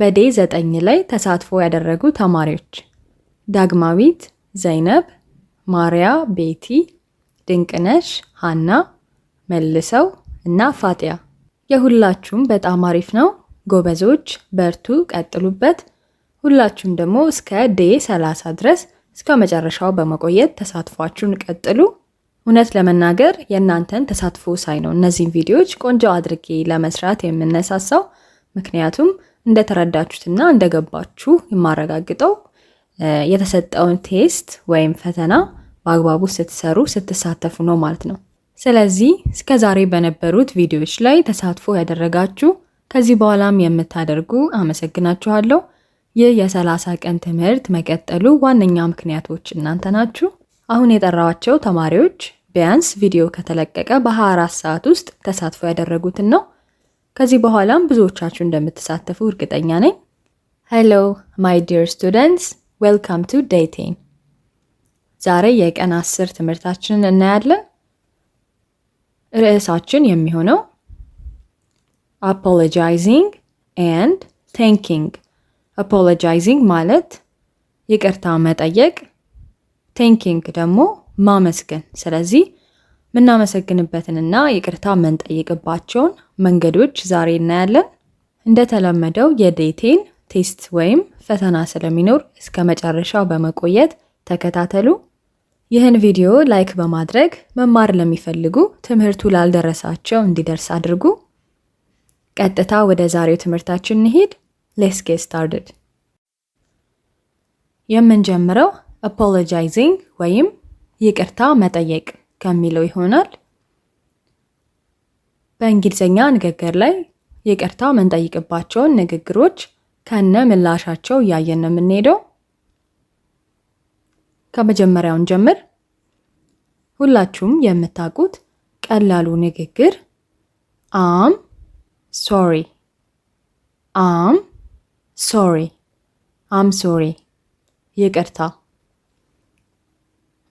በዴ ዘጠኝ ላይ ተሳትፎ ያደረጉ ተማሪዎች ዳግማዊት፣ ዘይነብ፣ ማርያ፣ ቤቲ፣ ድንቅነሽ፣ ሃና፣ መልሰው እና ፋጢያ የሁላችሁም በጣም አሪፍ ነው። ጎበዞች፣ በርቱ፣ ቀጥሉበት። ሁላችሁም ደግሞ እስከ ዴ 30 ድረስ እስከ መጨረሻው በመቆየት ተሳትፏችሁን ቀጥሉ። እውነት ለመናገር የእናንተን ተሳትፎ ሳይ ነው እነዚህን ቪዲዮዎች ቆንጆ አድርጌ ለመስራት የምነሳሳው ምክንያቱም እንደተረዳችሁትና እንደገባችሁ የማረጋግጠው የተሰጠውን ቴስት ወይም ፈተና በአግባቡ ስትሰሩ ስትሳተፉ ነው ማለት ነው። ስለዚህ እስከ ዛሬ በነበሩት ቪዲዮዎች ላይ ተሳትፎ ያደረጋችሁ ከዚህ በኋላም የምታደርጉ አመሰግናችኋለሁ። ይህ የሰላሳ ቀን ትምህርት መቀጠሉ ዋነኛ ምክንያቶች እናንተ ናችሁ። አሁን የጠራዋቸው ተማሪዎች ቢያንስ ቪዲዮ ከተለቀቀ በ24 ሰዓት ውስጥ ተሳትፎ ያደረጉትን ነው። ከዚህ በኋላም ብዙዎቻችሁ እንደምትሳተፉ እርግጠኛ ነኝ። ሄሎ ማይ ዲር ስቱደንትስ ዌልካም ቱ ዴይ ቴን። ዛሬ የቀን አስር ትምህርታችንን እናያለን። ርዕሳችን የሚሆነው አፖሎጃይዚንግ ኤንድ ቴንኪንግ። አፖሎጃይዚንግ ማለት ይቅርታ መጠየቅ፣ ቴንኪንግ ደግሞ ማመስገን። ስለዚህ የምናመሰግንበትንና ይቅርታ የምንጠይቅባቸውን መንገዶች ዛሬ እናያለን። እንደተለመደው የዴቴን ቴስት ወይም ፈተና ስለሚኖር እስከ መጨረሻው በመቆየት ተከታተሉ። ይህን ቪዲዮ ላይክ በማድረግ መማር ለሚፈልጉ ትምህርቱ ላልደረሳቸው እንዲደርስ አድርጉ። ቀጥታ ወደ ዛሬው ትምህርታችን እንሂድ። ሌትስ ጌት ስታርትድ። የምንጀምረው አፖሎጃይዚንግ ወይም ይቅርታ መጠየቅ ከሚለው ይሆናል። በእንግሊዝኛ ንግግር ላይ ይቅርታ የምንጠይቅባቸውን ንግግሮች ከነ ምላሻቸው እያየን ነው የምንሄደው። ከመጀመሪያውን ጀምር። ሁላችሁም የምታውቁት ቀላሉ ንግግር አም ሶሪ፣ አም ሶሪ፣ አም ሶሪ፣ ይቅርታ።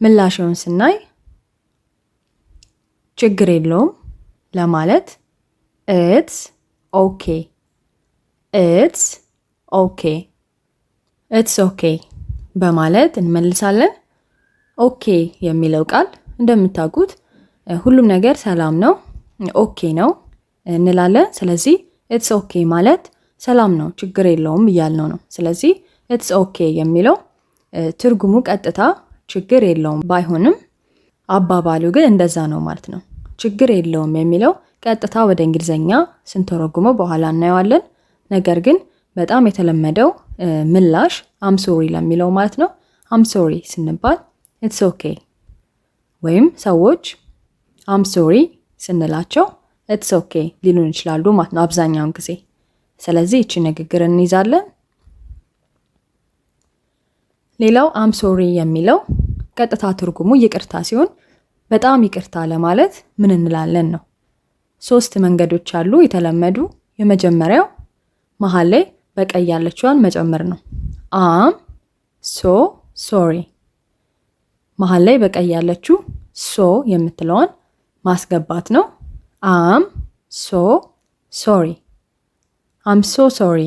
ምላሽውን ስናይ ችግር የለውም ለማለት ኢትስ ኦኬ ኢትስ ኦኬ ኢትስ ኦኬ በማለት እንመልሳለን። ኦኬ የሚለው ቃል እንደምታውቁት ሁሉም ነገር ሰላም ነው፣ ኦኬ ነው እንላለን። ስለዚህ ኢትስ ኦኬ ማለት ሰላም ነው፣ ችግር የለውም እያልነው ነው። ስለዚህ ኢትስ ኦኬ የሚለው ትርጉሙ ቀጥታ ችግር የለውም ባይሆንም አባባሉ ግን እንደዛ ነው ማለት ነው። ችግር የለውም የሚለው ቀጥታ ወደ እንግሊዝኛ ስንተረጉመው በኋላ እናየዋለን። ነገር ግን በጣም የተለመደው ምላሽ አምሶሪ ለሚለው ማለት ነው። አምሶሪ ስንባል ኢትስ ኦኬ ወይም ሰዎች አምሶሪ ስንላቸው ኢትስ ኦኬ ሊሉን ይችላሉ ማለት ነው አብዛኛውን ጊዜ። ስለዚህ ይቺ ንግግር እንይዛለን። ሌላው አምሶሪ የሚለው ቀጥታ ትርጉሙ ይቅርታ ሲሆን በጣም ይቅርታ ለማለት ምን እንላለን ነው። ሶስት መንገዶች አሉ የተለመዱ። የመጀመሪያው መሀል ላይ በቀይ ያለችዋን መጨመር ነው። አም ሶ ሶሪ። መሀል ላይ በቀይ ያለችው ሶ የምትለዋን ማስገባት ነው። አም ሶ ሶሪ፣ አም ሶ ሶሪ።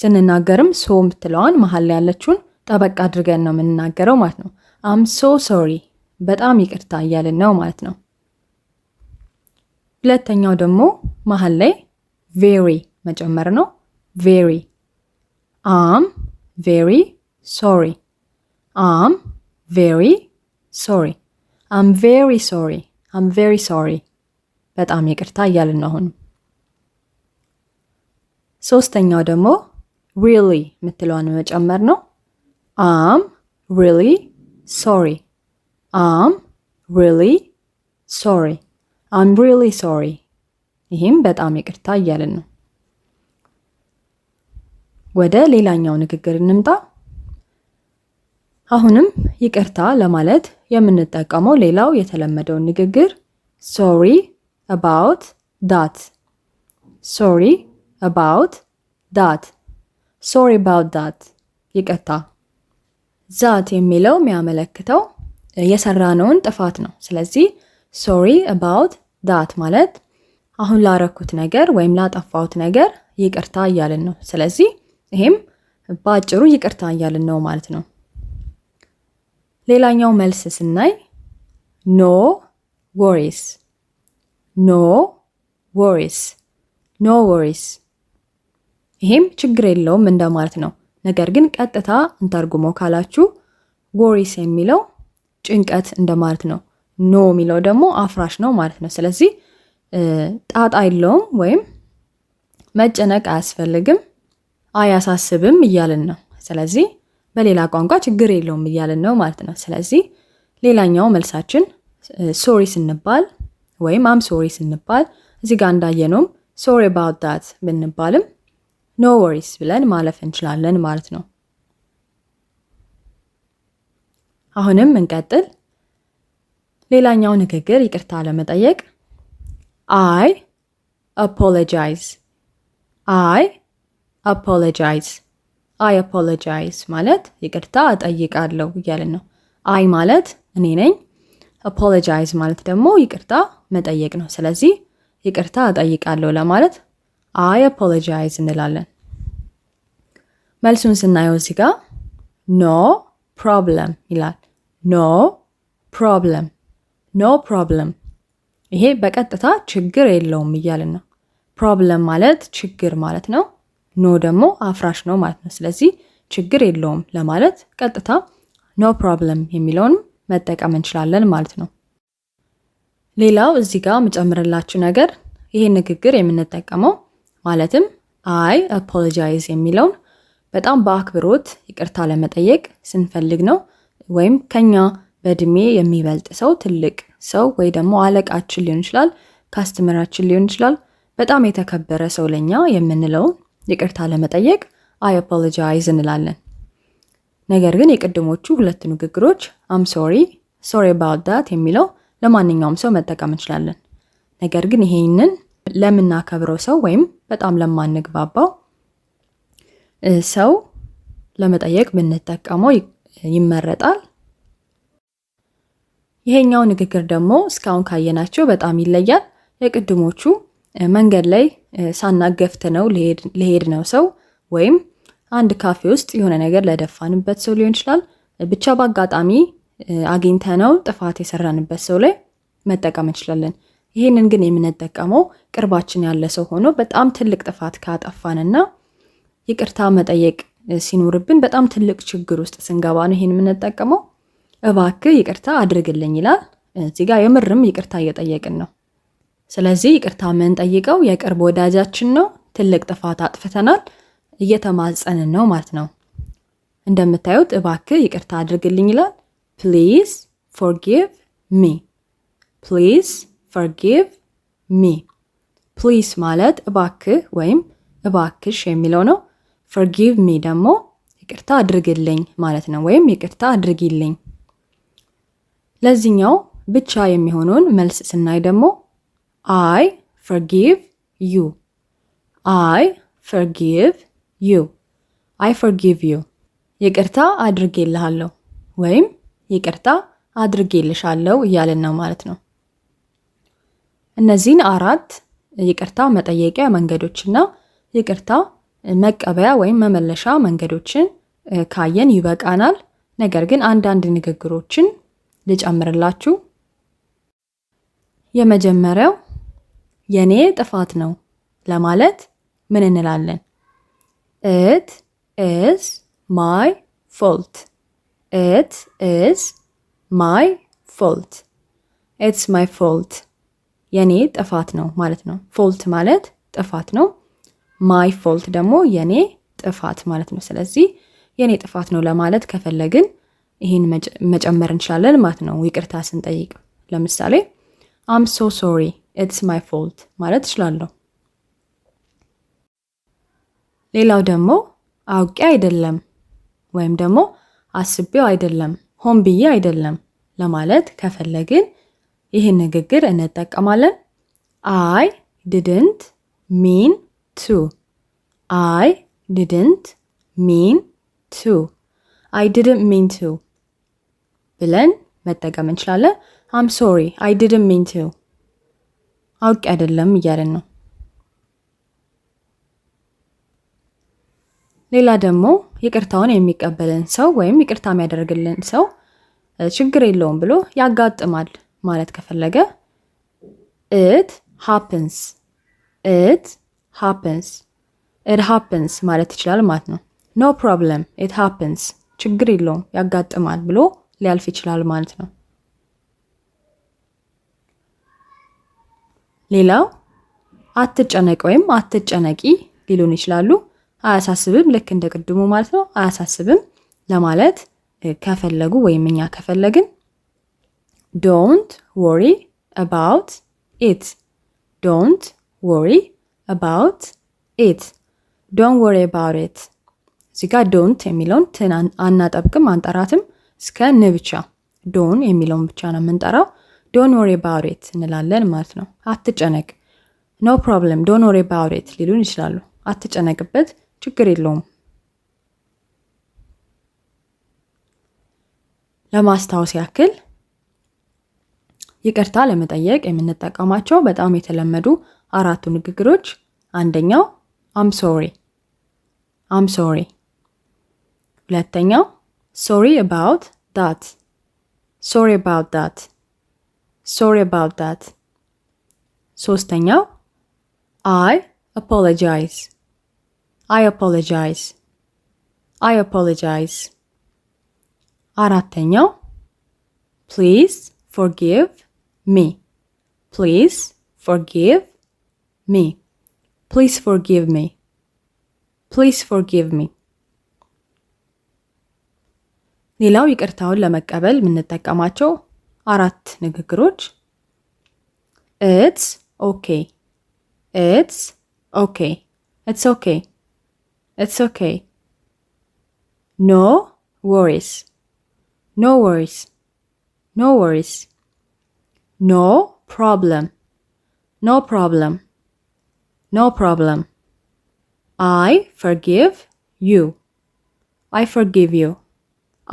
ስንናገርም ሶ የምትለዋን መሀል ላይ ያለችውን ጠበቅ አድርገን ነው የምንናገረው ማለት ነው። አም ሶ ሶሪ በጣም ይቅርታ እያልን ነው ማለት ነው። ሁለተኛው ደግሞ መሀል ላይ ቬሪ መጨመር ነው። ቬሪ አም ቬሪ ሶሪ አም ቬሪ ሶሪ አም ቬሪ ሶሪ አም ቬሪ ሶሪ በጣም ይቅርታ እያልን ነው አሁን። ሶስተኛው ደግሞ ሪሊ የምትለዋን መጨመር ነው። አም ሪሊ ሶሪ አም ሪሊ ሶሪ አም ሪሊ ሶሪ። ይህም በጣም ይቅርታ እያልን ነው። ወደ ሌላኛው ንግግር እንምጣ። አሁንም ይቅርታ ለማለት የምንጠቀመው ሌላው የተለመደውን ንግግር ሶሪ አባውት ዳት፣ ሶሪ አባውት ዳት፣ ሶሪ አባውት ዳት፣ ይቅርታ ዛት የሚለው የሚያመለክተው የሰራነውን ጥፋት ነው። ስለዚህ ሶሪ አባውት ዳት ማለት አሁን ላረኩት ነገር ወይም ላጠፋሁት ነገር ይቅርታ እያልን ነው። ስለዚህ ይሄም በአጭሩ ይቅርታ እያልን ነው ማለት ነው። ሌላኛው መልስ ስናይ ኖ ወሪስ፣ ኖ ወሪስ፣ ኖ ወሪስ። ይሄም ችግር የለውም እንደማለት ነው። ነገር ግን ቀጥታ እንተርጉሞ ካላችሁ ወሪስ የሚለው ጭንቀት እንደማለት ነው። ኖ የሚለው ደግሞ አፍራሽ ነው ማለት ነው። ስለዚህ ጣጣ የለውም ወይም መጨነቅ አያስፈልግም፣ አያሳስብም እያልን ነው። ስለዚህ በሌላ ቋንቋ ችግር የለውም እያልን ነው ማለት ነው። ስለዚህ ሌላኛው መልሳችን ሶሪ ስንባል ወይም አም ሶሪ ስንባል እዚህ ጋር እንዳየነውም ሶሪ አባውት ዳት ብንባልም ኖ ወሪስ ብለን ማለፍ እንችላለን ማለት ነው። አሁንም እንቀጥል። ሌላኛው ንግግር ይቅርታ ለመጠየቅ አይ አፖሎጃይዝ፣ አይ አፖሎጃይዝ፣ አይ አፖሎጃይዝ ማለት ይቅርታ እጠይቃለሁ እያልን ነው። አይ ማለት እኔ ነኝ። አፖሎጃይዝ ማለት ደግሞ ይቅርታ መጠየቅ ነው። ስለዚህ ይቅርታ እጠይቃለሁ ለማለት አይ አፖሎጃይዝ እንላለን። መልሱን ስናየው እዚህ ጋ ኖ ፕሮብለም ይላል። ኖ ፕሮብለም፣ ኖ ፕሮብለም። ይሄ በቀጥታ ችግር የለውም እያልን ነው። ፕሮብለም ማለት ችግር ማለት ነው። ኖ ደግሞ አፍራሽ ነው ማለት ነው። ስለዚህ ችግር የለውም ለማለት ቀጥታ ኖ ፕሮብለም የሚለውንም መጠቀም እንችላለን ማለት ነው። ሌላው እዚህ ጋር የምጨምርላችሁ ነገር ይሄ ንግግር የምንጠቀመው ማለትም አይ አፖሎጃይዝ የሚለውን በጣም በአክብሮት ይቅርታ ለመጠየቅ ስንፈልግ ነው። ወይም ከኛ በእድሜ የሚበልጥ ሰው ትልቅ ሰው ወይ ደግሞ አለቃችን ሊሆን ይችላል፣ ካስተመራችን ሊሆን ይችላል። በጣም የተከበረ ሰው ለኛ የምንለውን ይቅርታ ለመጠየቅ አይ አፖሎጃይዝ እንላለን። ነገር ግን የቅድሞቹ ሁለት ንግግሮች አም ሶሪ፣ ሶሪ አባውት ዳት የሚለው ለማንኛውም ሰው መጠቀም እንችላለን። ነገር ግን ይሄንን ለምናከብረው ሰው ወይም በጣም ለማንግባባው ሰው ለመጠየቅ ብንጠቀመው ይመረጣል። ይሄኛው ንግግር ደግሞ እስካሁን ካየናቸው በጣም ይለያል። የቅድሞቹ መንገድ ላይ ሳናገፍት ነው ለሄድ ነው ሰው ወይም አንድ ካፌ ውስጥ የሆነ ነገር ለደፋንበት ሰው ሊሆን ይችላል። ብቻ በአጋጣሚ ነው ጥፋት የሰራንበት ሰው ላይ መጠቀም እንችላለን። ይህንን ግን የምንጠቀመው ቅርባችን ያለ ሰው ሆኖ በጣም ትልቅ ጥፋት ካጠፋንና ይቅርታ መጠየቅ ሲኖርብን በጣም ትልቅ ችግር ውስጥ ስንገባ ነው ይሄን የምንጠቀመው። እባክህ ይቅርታ አድርግልኝ ይላል። እዚህ ጋር የምርም ይቅርታ እየጠየቅን ነው። ስለዚህ ይቅርታ የምንጠይቀው የቅርብ ወዳጃችን ነው። ትልቅ ጥፋት አጥፍተናል፣ እየተማጸንን ነው ማለት ነው። እንደምታዩት እባክህ ይቅርታ አድርግልኝ ይላል። ፕሊዝ ፎርጊቭ ሚ፣ ፕሊዝ ፎርጊቭ ሚ። ፕሊዝ ማለት እባክህ ወይም እባክሽ የሚለው ነው። ፎርጊቭ ሚ ደግሞ ይቅርታ አድርግልኝ ማለት ነው፣ ወይም ይቅርታ አድርጊልኝ። ለዚህኛው ብቻ የሚሆነውን መልስ ስናይ ደግሞ አይ ፎርጊቭ ዩ፣ አይ ፎርጊቭ ዩ፣ አይ ፎርጊቭ ዩ፣ ይቅርታ አድርጌልሃለሁ ወይም ይቅርታ አድርጌልሻለሁ እያለን ነው ማለት ነው። እነዚህን አራት ይቅርታ መጠየቂያ መንገዶችና ይቅርታ መቀበያ ወይም መመለሻ መንገዶችን ካየን ይበቃናል። ነገር ግን አንዳንድ ንግግሮችን ልጨምርላችሁ። የመጀመሪያው የኔ ጥፋት ነው ለማለት ምን እንላለን? ኢት ኢዝ ማይ ፎልት። ኢት ኢዝ ማይ ፎልት። ኢትስ ማይ ፎልት የኔ ጥፋት ነው ማለት ነው። ፎልት ማለት ጥፋት ነው። ማይ ፎልት ደግሞ የኔ ጥፋት ማለት ነው። ስለዚህ የኔ ጥፋት ነው ለማለት ከፈለግን ይህን መጨመር እንችላለን ማለት ነው። ይቅርታ ስንጠይቅ ለምሳሌ አም ሶ ሶሪ ኢትስ ማይ ፎልት ማለት እችላለሁ። ሌላው ደግሞ አውቄ አይደለም ወይም ደግሞ አስቤው አይደለም ሆን ብዬ አይደለም ለማለት ከፈለግን ይህን ንግግር እንጠቀማለን። አይ ዲድንት ሚን ቱ አይ ዲድንት ሚን ቱ አይ ዲድንት ሚን ቱ ብለን መጠቀም እንችላለን። አም ሶሪ አይ ዲድንት ሚን ቱ አውቅ አይደለም እያለን ነው። ሌላ ደግሞ ይቅርታውን የሚቀበልን ሰው ወይም ይቅርታ የሚያደርግልን ሰው ችግር የለውም ብሎ ያጋጥማል ማለት ከፈለገ ኢት ሃፕንስ ኢት happens ኢት happens ማለት ይችላል ማለት ነው። no ፕሮብለም it happens ችግር የለውም ያጋጥማል ብሎ ሊያልፍ ይችላል ማለት ነው። ሌላው አትጨነቅ ወይም አትጨነቂ ሊሉን ይችላሉ። አያሳስብም ልክ እንደ ቅድሙ ማለት ነው። አያሳስብም ለማለት ከፈለጉ ወይም እኛ ከፈለግን ዶንት ወሪ አባውት ኢት ዶንት ወሪ አባውት ኢት ዶን ወሪ አባውት ኢት። እዚህ ጋር ዶንት የሚለውን ትን አናጠብቅም አንጠራትም፣ እስከ ን ብቻ ዶን የሚለውን ብቻ ነው የምንጠራው። ዶን ወሪ አባውት ኢት እንላለን ማለት ነው። አትጨነቅ፣ ኖ ፕሮብለም፣ ዶን ወሪ አባውት ኢት ሊሉን ይችላሉ። አትጨነቅበት፣ ችግር የለውም። ለማስታወስ ያክል ይቅርታ ለመጠየቅ የምንጠቀማቸው በጣም የተለመዱ አራቱ ንግግሮች አንደኛው አም ሶሪ አም ሶሪ፣ ሁለተኛው ሶሪ አባውት ዳት ሶሪ አባውት ዳት ሶሪ አባውት ዳት፣ ሶስተኛው አይ አፖሎጃይዝ አይ አፖሎጃይዝ አይ አፖሎጃይዝ፣ አራተኛው ፕሊዝ ፎርጊቭ ሚ ፕሊዝ ፎርጊቭ me. Please forgive me. Please forgive me. ሌላው ይቅርታውን ለመቀበል የምንጠቀማቸው አራት ንግግሮች ኢትስ ኦኬ ኢትስ ኦኬ ኢትስ ኦኬ ኢትስ ኦኬ ኖ ወሪስ ኖ ወሪስ ኖ ወሪስ ኖ ፕሮብለም ኖ ፕሮብለም ኖ ፕሮብለም አይ ፎርጊቭ ዩ አይ ፎርጊቭ ዩ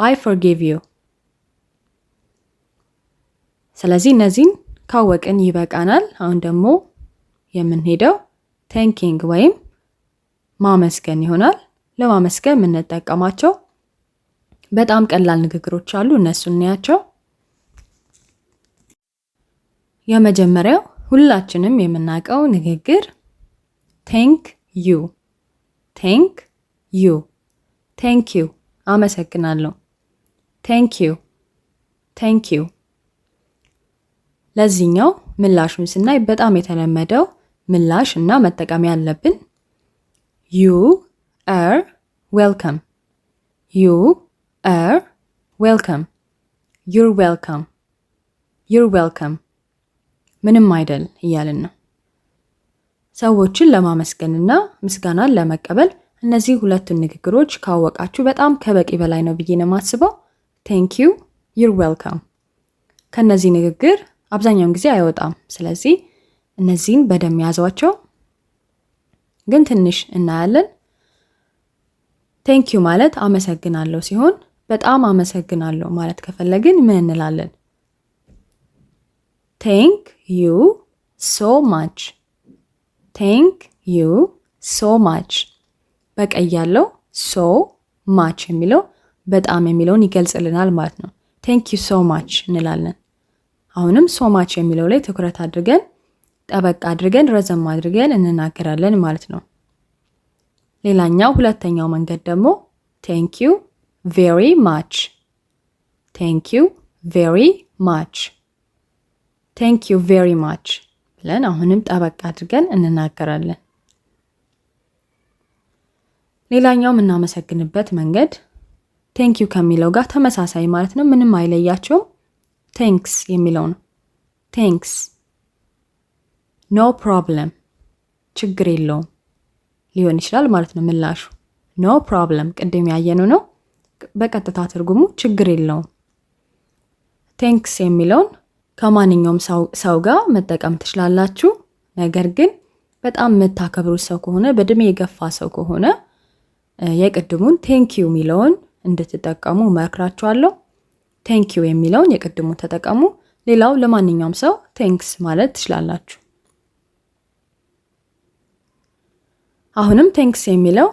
አይ ፎርጊቭ ዩ። ስለዚህ እነዚህን ካወቅን ይበቃናል። አሁን ደግሞ የምንሄደው ቴንኪንግ ወይም ማመስገን ይሆናል። ለማመስገን የምንጠቀማቸው በጣም ቀላል ንግግሮች አሉ። እነሱን እናያቸው። የመጀመሪያው ሁላችንም የምናውቀው ንግግር ቴንክ ዩ ቴንክ ዩ ቴንክ ዩ አመሰግናለሁ። ቴንክ ዩ ቴንክ ዩ። ለዚህኛው ምላሹን ስናይ በጣም የተለመደው ምላሽ እና መጠቀም ያለብን ዩ አር ዌልካም፣ ዩ አር ዌልካም፣ ዩር ዌልከም ዩር ዌልካም ምንም አይደል እያልን ነው። ሰዎችን ለማመስገንና ምስጋናን ለመቀበል እነዚህ ሁለቱን ንግግሮች ካወቃችሁ በጣም ከበቂ በላይ ነው ብዬ ነው የማስበው። ቴንክ ዩ፣ ዩር ዌልካም። ከእነዚህ ንግግር አብዛኛውን ጊዜ አይወጣም። ስለዚህ እነዚህን በደም ያዟቸው፣ ግን ትንሽ እናያለን። ቴንክ ዩ ማለት አመሰግናለሁ ሲሆን በጣም አመሰግናለሁ ማለት ከፈለግን ምን እንላለን? ቴንክ ዩ ሶ ማች ቴንክ ዩ ሶ ማች። በቀይ ያለው ሶ ማች የሚለው በጣም የሚለውን ይገልጽልናል ማለት ነው። ቴንክ ዩ ሶ ማች እንላለን። አሁንም ሶ ማች የሚለው ላይ ትኩረት አድርገን ጠበቅ አድርገን ረዘም አድርገን እንናገራለን ማለት ነው። ሌላኛው ሁለተኛው መንገድ ደግሞ ቴንክ ዩ ቬሪ ማች፣ ቴንክ ዩ ቬሪ ማች፣ ቴንክ ዩ ቬሪ ማች ለን አሁንም ጠበቅ አድርገን እንናገራለን። ሌላኛው የምናመሰግንበት መንገድ ዩ ከሚለው ጋር ተመሳሳይ ማለት ነው። ምንም አይለያቸውም። ቴንክስ የሚለው ነው። ቴንክስ፣ ኖ ፕሮብለም፣ ችግር የለውም ሊሆን ይችላል ማለት ነው። ምላሹ ኖ ፕሮብለም፣ ቅድም ያየነው ነው። በቀጥታ ትርጉሙ ችግር የለውም። ቴንክስ የሚለውን ከማንኛውም ሰው ጋር መጠቀም ትችላላችሁ። ነገር ግን በጣም የምታከብሩት ሰው ከሆነ በእድሜ የገፋ ሰው ከሆነ የቅድሙን ቴንኪዩ የሚለውን እንድትጠቀሙ መክራችኋለሁ። ቴንኪዩ የሚለውን የቅድሙን ተጠቀሙ። ሌላው ለማንኛውም ሰው ቴንክስ ማለት ትችላላችሁ። አሁንም ቴንክስ የሚለው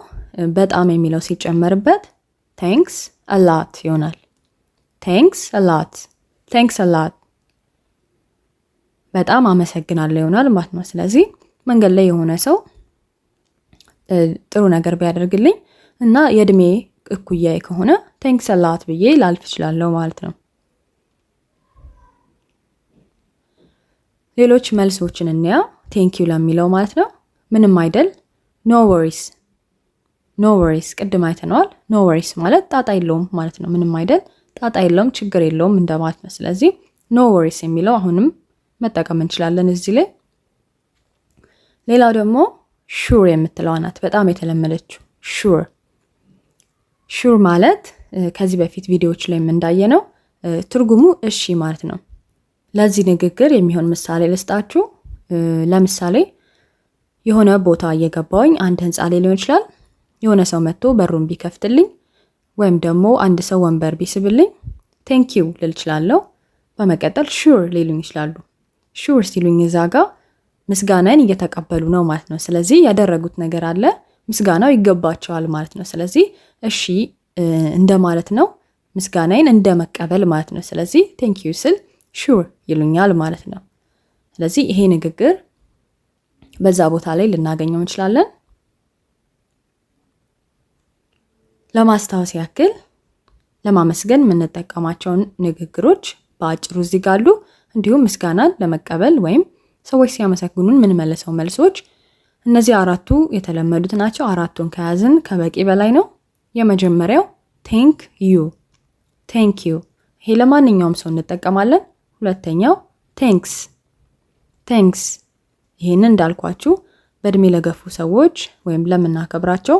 በጣም የሚለው ሲጨመርበት ቴንክስ አላት ይሆናል። ቴንክስ አላት ቴንክስ አላት በጣም አመሰግናለሁ ይሆናል ማለት ነው። ስለዚህ መንገድ ላይ የሆነ ሰው ጥሩ ነገር ቢያደርግልኝ እና የእድሜ እኩያዬ ከሆነ ቴንክስ ላት ብዬ ላልፍ እችላለሁ ማለት ነው። ሌሎች መልሶችን እንያ። ዩ ለሚለው ማለት ነው ምንም አይደል፣ ኖ ወሪስ ኖ ወሪስ ቅድም አይተነዋል። ኖ ወሪስ ማለት ጣጣ የለውም ማለት ነው። ምንም አይደል ጣጣ የለውም ችግር የለውም እንደማለት ነው። ስለዚህ ኖ ወሪስ የሚለው አሁንም መጠቀም እንችላለን እዚህ ላይ። ሌላው ደግሞ ሹር የምትለዋ ናት በጣም የተለመደችው ሹር። ሹር ማለት ከዚህ በፊት ቪዲዮዎች ላይ የምንዳየ ነው። ትርጉሙ እሺ ማለት ነው። ለዚህ ንግግር የሚሆን ምሳሌ ልስጣችሁ። ለምሳሌ የሆነ ቦታ እየገባውኝ አንድ ህንፃ ላይ ሊሆን ይችላል። የሆነ ሰው መጥቶ በሩን ቢከፍትልኝ ወይም ደግሞ አንድ ሰው ወንበር ቢስብልኝ ቴንኪው ልል እችላለሁ። በመቀጠል ሹር ሊሉኝ ይችላሉ። ሹር ሲሉኝ እዛ ጋር ምስጋናን እየተቀበሉ ነው ማለት ነው። ስለዚህ ያደረጉት ነገር አለ፣ ምስጋናው ይገባቸዋል ማለት ነው። ስለዚህ እሺ እንደማለት ነው፣ ምስጋናዬን እንደ መቀበል ማለት ነው። ስለዚህ ቴንክ ዩ ስል ሹር ይሉኛል ማለት ነው። ስለዚህ ይሄ ንግግር በዛ ቦታ ላይ ልናገኘው እንችላለን። ለማስታወስ ያክል ለማመስገን የምንጠቀማቸውን ንግግሮች በአጭሩ እዚህ ጋሉ እንዲሁም ምስጋናን ለመቀበል ወይም ሰዎች ሲያመሰግኑን የምንመልሰው መልሶች እነዚህ አራቱ የተለመዱት ናቸው። አራቱን ከያዝን ከበቂ በላይ ነው። የመጀመሪያው ቴንክ ዩ ቴንክ ዩ፣ ይሄ ለማንኛውም ሰው እንጠቀማለን። ሁለተኛው ቴንክስ ቴንክስ፣ ይህንን እንዳልኳችሁ በእድሜ ለገፉ ሰዎች ወይም ለምናከብራቸው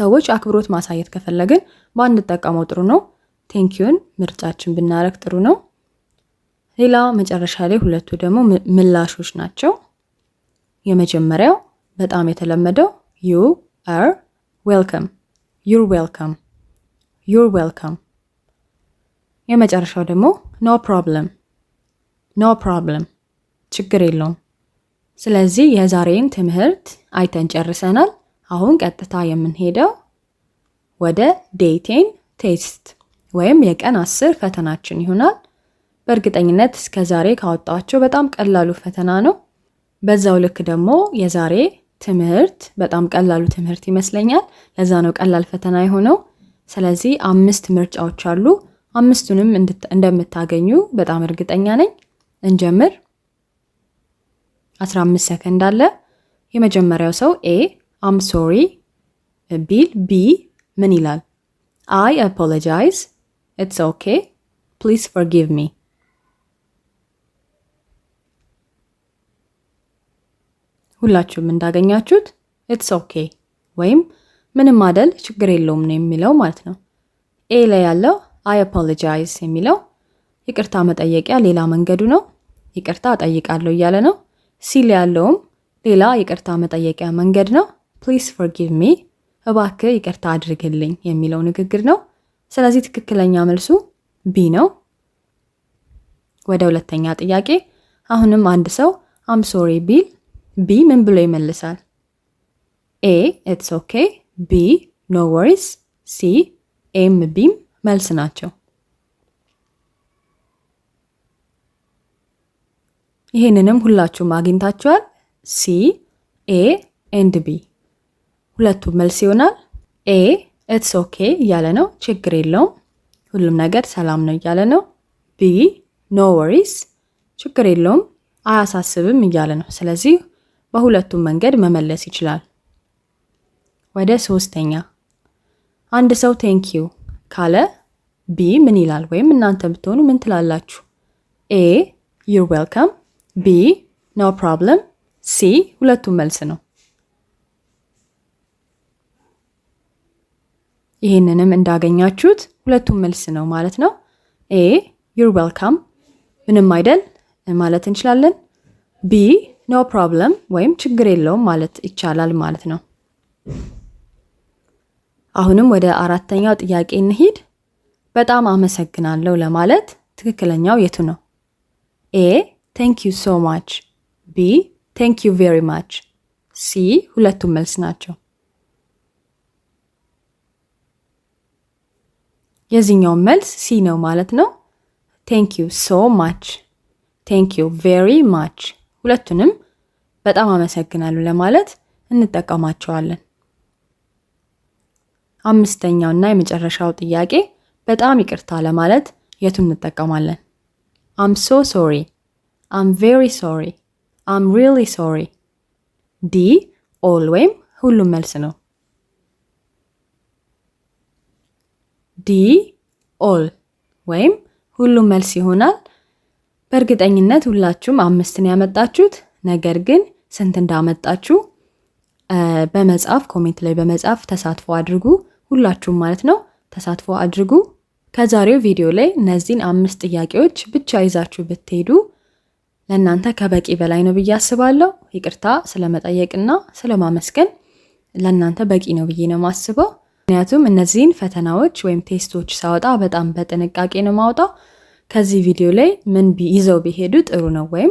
ሰዎች አክብሮት ማሳየት ከፈለግን ባንጠቀመው ጥሩ ነው። ቴንኪዩን ምርጫችን ብናረግ ጥሩ ነው። ሌላ መጨረሻ ላይ ሁለቱ ደግሞ ምላሾች ናቸው። የመጀመሪያው በጣም የተለመደው ዩ አር ዌልካም፣ ዩር ዌልካም፣ ዩር ዌልካም። የመጨረሻው ደግሞ ኖ ፕሮብለም፣ ኖ ፕሮብለም፣ ችግር የለውም። ስለዚህ የዛሬን ትምህርት አይተን ጨርሰናል። አሁን ቀጥታ የምንሄደው ወደ ዴይ ቴን ቴስት ወይም የቀን አስር ፈተናችን ይሆናል። በእርግጠኝነት እስከ ዛሬ ካወጣቸው በጣም ቀላሉ ፈተና ነው። በዛው ልክ ደግሞ የዛሬ ትምህርት በጣም ቀላሉ ትምህርት ይመስለኛል። ለዛ ነው ቀላል ፈተና የሆነው። ስለዚህ አምስት ምርጫዎች አሉ። አምስቱንም እንደምታገኙ በጣም እርግጠኛ ነኝ። እንጀምር። 15 ሰከንድ አለ። የመጀመሪያው ሰው ኤ አም ሶሪ ቢል ቢ ምን ይላል? አይ አፖሎጃይዝ ኢትስ ኦኬ ፕሊዝ ፎርጊቭ ሚ ሁላችሁም እንዳገኛችሁት ኢትስ ኦኬ ወይም ምንም አደል ችግር የለውም ነው የሚለው ማለት ነው። ኤ ላይ ያለው አይ አፖሎጃይዝ የሚለው ይቅርታ መጠየቂያ ሌላ መንገዱ ነው። ይቅርታ እጠይቃለሁ እያለ ነው። ሲ ላይ ያለውም ሌላ ይቅርታ መጠየቂያ መንገድ ነው። ፕሊስ ፎርጊቭ ሚ እባክህ ይቅርታ አድርግልኝ የሚለው ንግግር ነው። ስለዚህ ትክክለኛ መልሱ ቢ ነው። ወደ ሁለተኛ ጥያቄ አሁንም አንድ ሰው አም ሶሪ ቢል ቢ ምን ብሎ ይመልሳል? ኤ ኢትስ ኦኬ፣ ቢ ኖ ወሪስ፣ ሲ ኤም ቢም መልስ ናቸው። ይህንንም ሁላችሁም አግኝታችኋል። ሲ ኤ ኤንድ ቢ ሁለቱም መልስ ይሆናል። ኤ ኢትስ ኦኬ እያለ ነው፣ ችግር የለውም ሁሉም ነገር ሰላም ነው እያለ ነው። ቢ ኖ ወሪስ ችግር የለውም አያሳስብም እያለ ነው። ስለዚህ በሁለቱም መንገድ መመለስ ይችላል። ወደ ሶስተኛ አንድ ሰው ቴንኪዩ ካለ ቢ ምን ይላል? ወይም እናንተ ብትሆኑ ምን ትላላችሁ? ኤ ዩር ዌልካም፣ ቢ ኖ ፕሮብለም፣ ሲ ሁለቱም መልስ ነው። ይህንንም እንዳገኛችሁት ሁለቱም መልስ ነው ማለት ነው። ኤ ዩር ዌልካም ምንም አይደል ማለት እንችላለን። ቢ ኖ ፕሮብለም ወይም ችግር የለውም ማለት ይቻላል ማለት ነው። አሁንም ወደ አራተኛው ጥያቄ እንሂድ። በጣም አመሰግናለሁ ለማለት ትክክለኛው የቱ ነው? ኤ ቴንክ ዩ ሶ ማች፣ ቢ ቴንክ ዩ ቬሪ ማች፣ ሲ ሁለቱም መልስ ናቸው። የዚህኛው መልስ ሲ ነው ማለት ነው። ቴንክ ዩ ሶ ማች፣ ቴንክ ዩ ቬሪ ማች ሁለቱንም በጣም አመሰግናለሁ ለማለት እንጠቀማቸዋለን። አምስተኛው እና የመጨረሻው ጥያቄ በጣም ይቅርታ ለማለት የቱን እንጠቀማለን? አም ሶ ሶሪ፣ አም ቬሪ ሶሪ፣ አም ሪሊ ሶሪ። ዲ ኦል ወይም ሁሉም መልስ ነው። ዲ ኦል ወይም ሁሉም መልስ ይሆናል። በእርግጠኝነት ሁላችሁም አምስትን ያመጣችሁት፣ ነገር ግን ስንት እንዳመጣችሁ በመጻፍ ኮሜንት ላይ በመጻፍ ተሳትፎ አድርጉ። ሁላችሁም ማለት ነው ተሳትፎ አድርጉ። ከዛሬው ቪዲዮ ላይ እነዚህን አምስት ጥያቄዎች ብቻ ይዛችሁ ብትሄዱ ለእናንተ ከበቂ በላይ ነው ብዬ አስባለሁ። ይቅርታ ስለመጠየቅና ስለማመስገን ለእናንተ በቂ ነው ብዬ ነው የማስበው። ምክንያቱም እነዚህን ፈተናዎች ወይም ቴስቶች ሳወጣ በጣም በጥንቃቄ ነው ማውጣው። ከዚህ ቪዲዮ ላይ ምን ይዘው ቢሄዱ ጥሩ ነው ወይም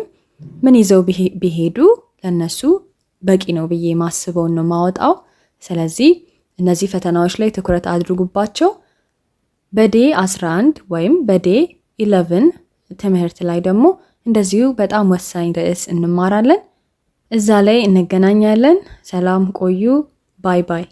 ምን ይዘው ቢሄዱ ለነሱ በቂ ነው ብዬ ማስበውን ነው ማወጣው። ስለዚህ እነዚህ ፈተናዎች ላይ ትኩረት አድርጉባቸው። በዴ 11 ወይም በዴ 11 ትምህርት ላይ ደግሞ እንደዚሁ በጣም ወሳኝ ርዕስ እንማራለን። እዛ ላይ እንገናኛለን። ሰላም ቆዩ። ባይ ባይ።